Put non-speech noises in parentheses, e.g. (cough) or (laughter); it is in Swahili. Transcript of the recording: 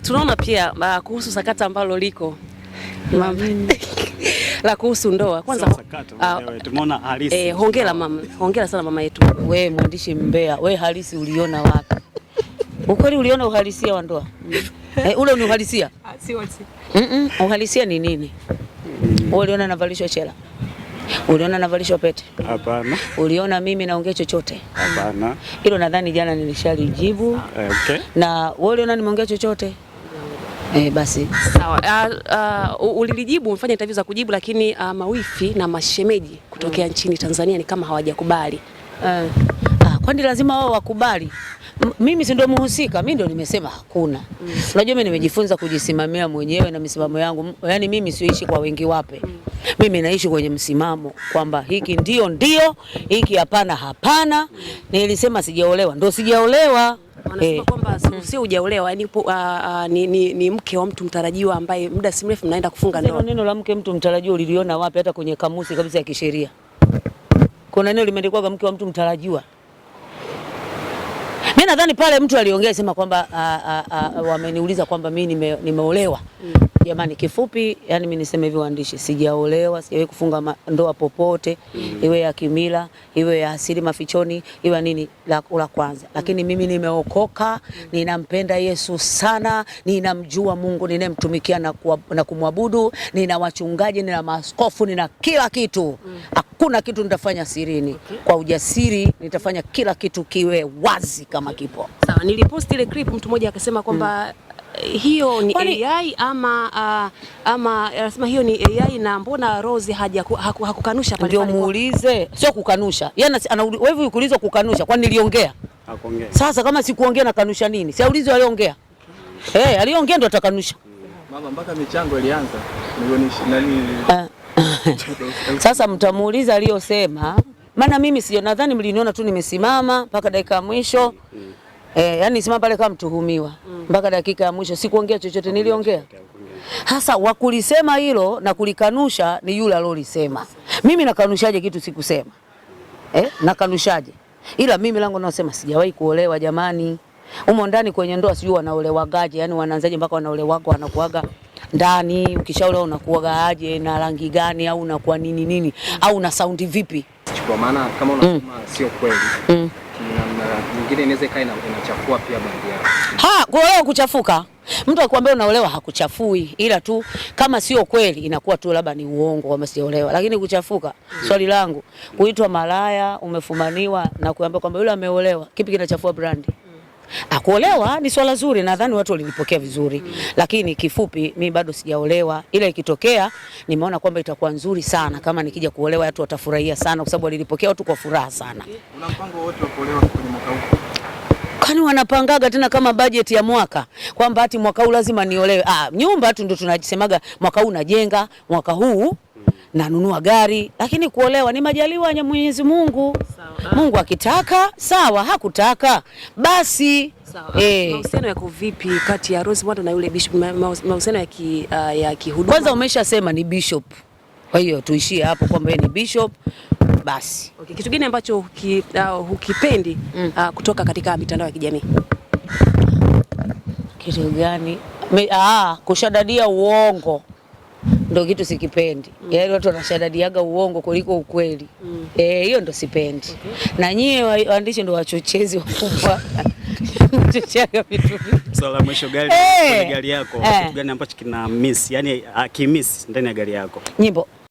tunaona pia uh, kuhusu sakata ambalo liko (laughs) la kuhusu ndoa kwanza. Uh, tumeona halisi eh, hongera mama, hongera sana mama yetu. We mwandishi mbea, we halisi uliona wapi? Ukweli uliona uhalisia wa ndoa eh, ule ni uhalisia mm -mm, uhalisia ni nini? Mm. Uliona navalishwa chela Uliona navalishwa pete? Hapana. Uliona mimi naongea chochote? Hapana. Hilo nadhani jana nilishalijibu. Okay. Na wewe uliona nimeongea chochote? Eh, basi sawa. Uh, ah, ah, uh, ulilijibu umefanya interview za kujibu, lakini uh, mawifi na mashemeji kutokea nchini Tanzania ni kama hawajakubali uh. kwani lazima wao wakubali? mimi si ndio muhusika, mimi ndio nimesema hakuna. Mm. Unajua mm. mimi nimejifunza kujisimamia mwenyewe na misimamo yangu, yaani mimi sioishi kwa wengi wape mm. mimi naishi kwenye msimamo kwamba hiki ndio ndio, hiki hapana hapana. Nilisema sijaolewa, ndio sijaolewa wanasema eh. kwamba sio mm. ujaolewa yani ah, ah, ni mke wa mtu mtarajiwa ambaye muda si mrefu mnaenda kufunga ndoa. Neno la mke mtu mtarajiwa uliliona wapi? Hata kwenye kamusi kabisa ya kisheria kuna neno limeandikwa kwa mke wa mtu mtarajiwa. Mimi nadhani pale mtu aliongea sema kwamba ah, wameniuliza kwamba mimi nime, nimeolewa mm. Jamani, kifupi yani mimi niseme hivi waandishi, sijaolewa, sijawahi kufunga ndoa popote mm. iwe ya kimila, iwe ya asili mafichoni, iwe nini la, la kwanza. Lakini mimi nimeokoka, mm. ninampenda Yesu sana, ninamjua Mungu ninayemtumikia na, na kumwabudu, nina wachungaji, nina maaskofu, nina kila kitu mm. Hakuna kitu nitafanya sirini okay. Kwa ujasiri nitafanya kila kitu kiwe wazi kama kipo sawa. Nilipost ile clip, mtu mmoja akasema kwamba mm hiyo ni Kwani... AI ama uh, ama anasema hiyo ni AI na mbona Rose hakukanusha haku, haku pale ndio muulize, sio kukanusha. Yeye yaani wewe ukuulizwa kukanusha, kwani niliongea? Hakuongea. Sasa kama sikuongea na kanusha nini? siaulizi aliongea. Eh, hey, aliongea ndo atakanusha. Mama mpaka michango ilianza. Nani? Eh. (laughs) Sasa mtamuuliza aliyosema, maana mimi sio nadhani mliniona tu nimesimama mpaka dakika ya mwisho. Mm. Eh, yani simama pale kama mtuhumiwa. Mm mpaka dakika ya mwisho sikuongea chochote. Niliongea hasa wakulisema hilo na kulikanusha ni yule alolisema. Mimi nakanushaje kitu sikusema eh? Nakanushaje? Ila mimi langu nasema sijawahi kuolewa jamani. Umo ndani kwenye ndoa sijui wanaolewagaje, yani wanaanzaje mpaka wanaolewako wanakuaga ndani, ukishaolewa unakuaga aje na rangi gani, au unakuwa nini nini, au na saundi vipi? Kwa maana kama mm. unasema mm. sio kweli mm nyingine inaweza ikae inachafua pia bandi yao. Ha, kuolewa kuchafuka. Mtu akikwambia unaolewa hakuchafui, ila tu kama sio kweli inakuwa tu labda ni uongo kama sijaolewa, lakini kuchafuka. Swali langu kuitwa malaya, umefumaniwa na kuambia kwamba yule ameolewa, kipi kinachafua brandi? Kuolewa ni swala zuri, nadhani watu walilipokea vizuri Lakini kifupi, mi bado sijaolewa, ila ikitokea nimeona kwamba itakuwa nzuri sana kama nikija kuolewa, watu watafurahia sana, kwa sababu walilipokea watu kwa furaha sana. Una mpango wote wa kuolewa kwenye mwaka huu? Kwani wanapangaga tena kama bajeti ya mwaka kwamba ati mwaka huu lazima niolewe? Ah, nyumba tu ndio tunajisemaga mwaka huu najenga, mwaka huu hmm. nanunua gari, lakini kuolewa ni majaliwa ya Mwenyezi Mungu. Mungu akitaka sawa, hakutaka basi Eh. Mahusiano yako vipi kati ya Rose Muhando na yule bishop? Mahusiano ya ki, uh, ya kihuduma. Kwanza umeshasema ni bishop, kwa hiyo tuishie hapo kwamba ni bishop basi. Okay. Kitu gani ambacho huki, uh, hukipendi uh, kutoka katika mitandao ya kijamii? Kitu gani? Ah, kushadadia uongo ndo kitu sikipendi. mm. Yaani watu wanashadadiaga uongo kuliko ukweli. mm. Eh, hiyo ndo sipendi. okay. Na nyie waandishi ndo wachochezi wakubwa (laughs) chocheaga vitu sala mwisho gari, hey. Eh! Gari yako hey. Eh! Kitu gani ambacho kina miss, yani akimiss ah, ndani ya gari yako nyimbo